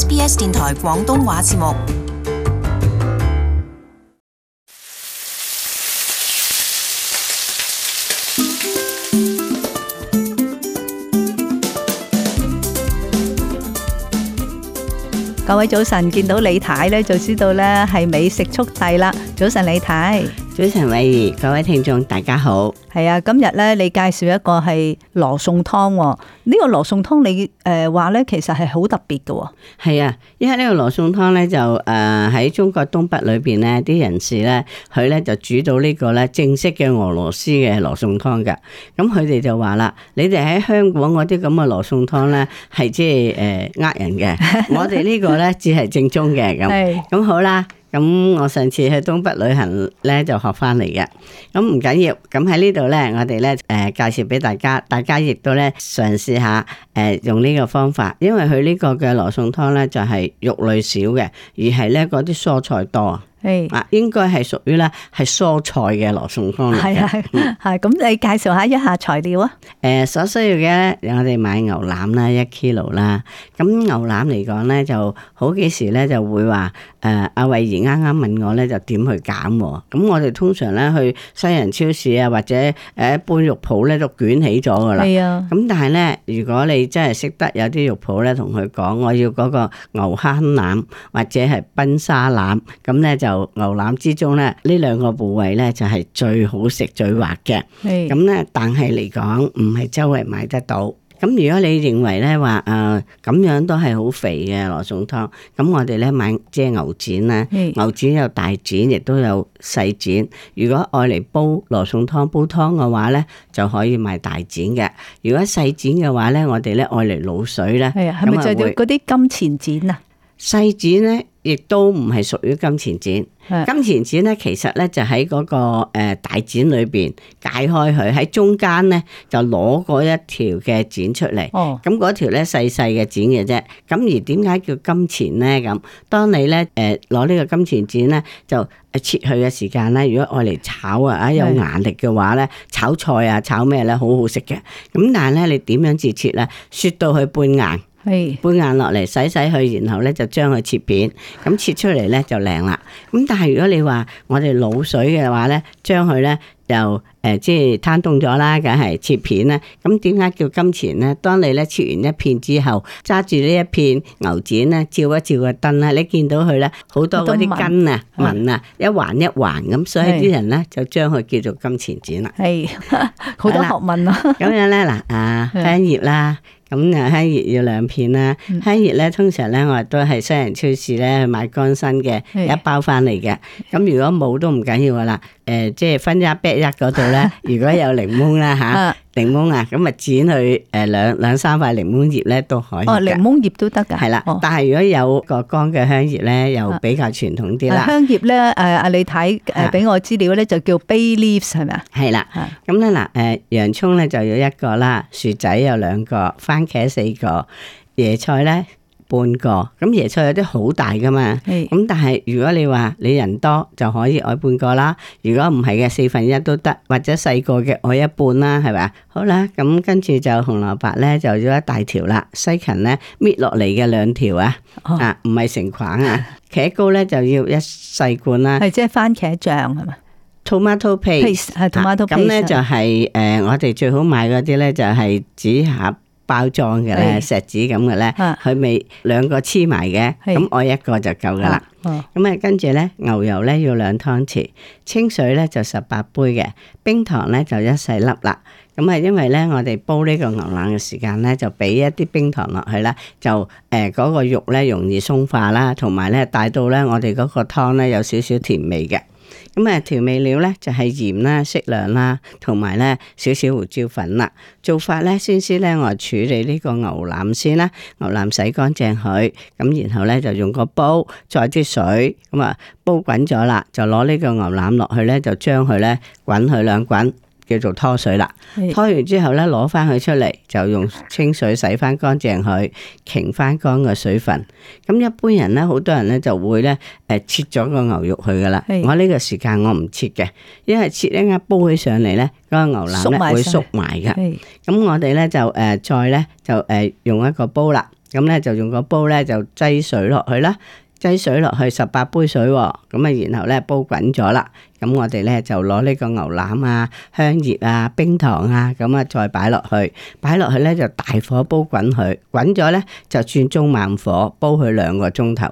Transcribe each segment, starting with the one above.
SBS 電台廣東話節目。各位早晨，見到李太咧，就知道咧係美食速遞啦！早晨，李太。早晨，偉儀，各位聽眾，大家好。係啊，今日咧，你介紹一個係羅宋湯、哦。呢、這個羅宋湯，你誒話咧，其實係好特別嘅、哦。係啊，因為個羅呢個羅宋湯咧，就誒喺、呃、中國東北裏邊咧，啲人士咧，佢咧就煮到呢個咧，正式嘅俄羅斯嘅羅宋湯嘅。咁佢哋就話啦，你哋喺香港嗰啲咁嘅羅宋湯咧，係即係誒呃人嘅。 我哋呢個咧，只係正宗嘅咁。咁是好啦。咁我上次去東北旅行咧就學翻嚟嘅，咁唔緊要，咁喺呢度咧我哋咧誒介紹俾大家，大家亦都咧嘗試下誒、呃、用呢個方法，因為佢呢個嘅羅宋湯咧就係、是、肉類少嘅，而係咧嗰啲蔬菜多。誒，啊，應該係屬於咧係蔬菜嘅羅宋湯嚟嘅，係啊，係咁你介紹下一下材料啊。誒、呃，所需要嘅咧，我哋買牛腩啦，一 kilo 啦。咁牛腩嚟講咧，就好幾時咧就會話，誒、呃，阿慧怡啱啱問我咧，就點去揀喎？咁我哋通常咧去西人超市啊，或者誒一般肉鋪咧都捲起咗㗎喇。係啊。咁但係咧，如果你真係識得有啲肉鋪咧，同佢講我要嗰個牛坑腩或者係崩沙腩，咁咧就。牛腩之中咧，呢兩個部位咧就係最好食最滑嘅。咁咧，但係嚟講唔係周圍買得到。咁如果你認為咧話誒咁樣都係好肥嘅羅宋湯，咁我哋咧買即係牛展啦。牛展有大展，亦都有細展。如果愛嚟煲羅宋湯煲湯嘅話咧，就可以買大展嘅。如果細展嘅話咧，我哋咧愛嚟鹵水咧。係啊，係咪就係嗰啲金錢展啊？細展咧。亦都唔係屬於金錢剪，金錢剪咧其實咧就喺嗰個大剪裏邊解開佢，喺中間咧就攞嗰一條嘅剪出嚟，咁嗰條咧細細嘅剪嘅啫。咁而點解叫金錢咧？咁當你咧誒攞呢個金錢剪咧就切去嘅時間咧，如果愛嚟炒啊，啊有牙力嘅話咧，炒菜啊炒咩咧好好食嘅。咁但係咧你點樣自切切咧？雪到佢半硬。係，揼硬落嚟洗洗去，然後咧就將佢切片，咁切出嚟咧就靚啦。咁但係如果你話我哋滷水嘅話咧，將佢咧就誒、呃、即係攤凍咗啦，梗係切片啦。咁點解叫金錢咧？當你咧切完一片之後，揸住呢一片牛展啦，照一照個燈啦，你見到佢咧好多啲根啊紋啊，的一環一環咁，所以啲人咧就將佢叫做金錢剪啦。係，好多學問咯、啊。咁 樣咧嗱，啊翻頁啦。咁啊，香葉要兩片啦，香葉咧通常咧我哋都係西人超市咧買乾身嘅一包翻嚟嘅，咁是如果冇都唔緊要㗎啦。誒、呃，即係分一劈一嗰度咧，如果有檸檬啦吓，檸檬啊，咁啊 剪去誒、呃、兩兩三塊檸檬葉咧都可以。哦，檸檬葉都得噶。係啦，但係如果有個乾嘅香葉咧，又比較傳統啲啦，啊。香葉咧，誒、啊，你睇，誒俾我資料咧就叫 bay leaves 係咪啊？係啦，咁咧嗱，誒、呃，洋蔥咧就有一個啦，薯仔有兩個，番茄四個，椰，個椰菜咧。半個咁椰菜有啲好大噶嘛，咁是但係如果你話你人多就可以愛半個啦，如果唔係嘅四分一都得，或者細個嘅愛一半啦，係咪，好啦，咁跟住就紅蘿卜咧就要一大條啦，西芹咧搣落嚟嘅兩條啊，哦、啊唔係成框啊，茄膏咧就要一細罐啦，係即係番茄醬係嘛，tomato paste 係 paste、啊、tomato 咁咧、啊、就係、是、誒、呃、我哋最好買嗰啲咧就係紙盒。包裝嘅咧，錫紙咁嘅咧，佢未兩個黐埋嘅，咁的我一個就夠㗎啦。咁啊，啊跟住咧，牛油咧要兩湯匙，清水咧就十八杯嘅，冰糖咧就一細粒啦。咁啊，因為咧我哋煲呢個牛腩嘅時間咧，就俾一啲冰糖落去啦，就誒嗰、呃嗰個肉咧容易鬆化啦，同埋咧帶到咧我哋嗰個湯咧有少少甜味嘅。咁啊，調味料咧就係鹽啦，適量啦，同埋咧少少胡椒粉啦。做法咧先先咧，我處理呢個牛腩先啦。牛腩洗乾淨佢，咁然後咧就用個煲，再啲水，咁啊煲滾咗啦，就攞呢個牛腩落去咧，就將佢咧滾佢兩滾。滾叫做拖水啦，拖完之後咧，攞翻佢出嚟，就用清水洗翻乾淨佢，擎翻乾嘅水分。咁一般人咧，好多人咧就會咧，誒、呃、切咗個牛肉去噶啦。是 我呢個時間我唔切嘅，因為切咧，啱煲起來上嚟咧，嗰、那個牛腩咧會縮埋嘅。咁我哋咧就誒、呃，再咧就誒、呃、用一個煲啦，咁咧就用個煲咧就擠水落去啦。擠水落去十八杯水，咁啊，然後咧煲滾咗啦。咁我哋咧就攞呢個牛腩啊、香葉啊、冰糖啊，咁啊再擺落去，擺落去咧就大火煲滾佢，滾咗咧就轉中慢火煲佢兩個鐘頭。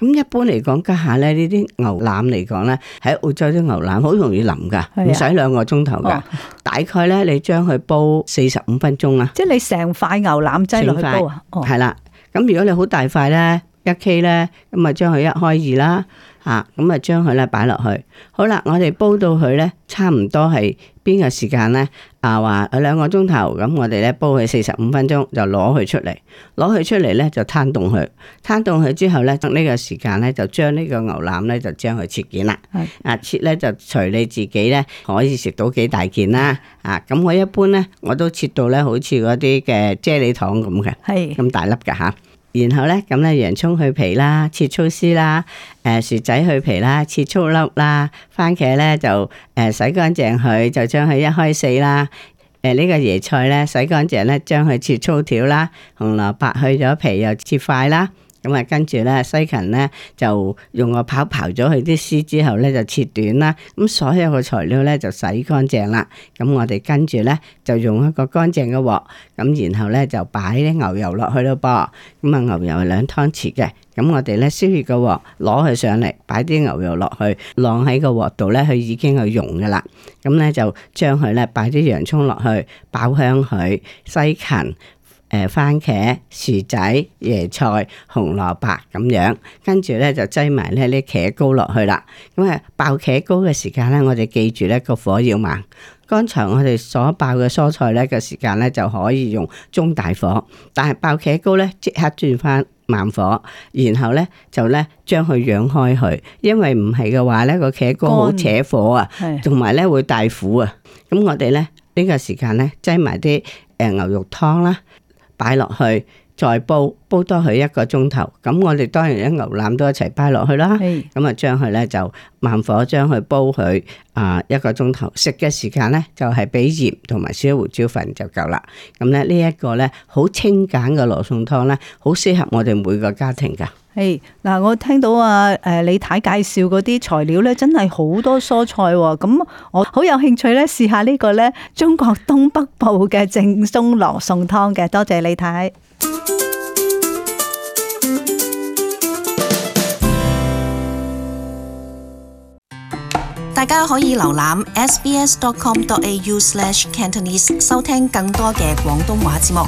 咁一般嚟講家下咧呢啲牛腩嚟講咧喺澳洲啲牛腩好容易腍噶，唔使的兩個鐘頭噶，哦、大概咧你將佢煲四十五分鐘啊。即係你成塊牛腩擠落去煲啊？係啦塊，咁、哦、如果你好大塊咧。一 K 咧，咁啊將佢一開二啦，啊咁啊將佢咧擺落去，好啦，我哋煲到佢咧，差唔多係邊個時間咧？啊話兩個鐘頭，咁我哋咧煲佢四十五分鐘，就攞佢出嚟，攞佢出嚟咧就攤凍佢，攤凍佢之後咧，呢個時間咧就將呢個牛腩咧就將佢切件啦。係是的 啊切咧就隨你自己咧可以食到幾大件啦。啊咁我一般咧我都切到咧好似嗰啲嘅啫喱糖咁嘅，係咁的大粒嘅吓。啊然後咧，咁咧洋蔥去皮啦，切粗絲啦，誒、啊、薯仔去皮啦，切粗粒啦，番茄咧就誒洗乾淨佢，就將佢一開四啦。誒、啊、呢、這個椰菜咧洗乾淨咧，將佢切粗條啦，紅蘿蔔去咗皮又切塊啦。咁啊，跟住咧西芹咧就用個刨刨咗佢啲絲之後咧就切短啦。咁所有嘅材料咧就洗乾淨啦。咁我哋跟住咧就用一個乾淨嘅鑊，咁然後咧就擺啲牛油落去咯噃。咁啊，牛油係兩湯匙嘅。咁我哋咧燒熱個鑊，攞佢上嚟，擺啲牛油落去，晾喺個鑊度咧，佢已經係溶噶啦。咁咧就將佢咧擺啲洋蔥落去，爆香佢，西芹。誒，番茄、薯仔、椰菜、紅蘿蔔咁樣，跟住咧就擠埋呢啲茄膏落去啦。咁啊，爆茄膏嘅時間咧，我哋記住咧個火要慢。剛才我哋所爆嘅蔬菜咧嘅時間咧就可以用中大火，但係爆茄膏咧即刻轉翻慢火，然後咧就咧將佢揚開佢，因為唔係嘅話咧個茄膏好扯火啊，同埋咧會帶苦啊。咁的我哋咧呢個時間咧擠埋啲誒牛肉湯啦。擺落去，再煲，煲多佢一個鐘頭。咁我哋當然咧牛腩都一齊擺落去啦。咁啊是，將佢咧就慢火將佢煲佢啊一個鐘頭。食嘅時間咧就係俾鹽同埋少啲胡椒粉就夠啦。咁咧呢一個咧好清簡嘅羅宋湯咧，好適合我哋每個家庭噶。誒嗱，hey，我聽到啊，誒李太介紹嗰啲材料咧，真係好多蔬菜喎。咁我好有興趣咧，試下呢個咧中國東北部嘅正宗羅宋湯嘅。多謝李太。大家可以瀏覽 sbs.com.au/cantonese s inese，收聽更多嘅廣東話節目。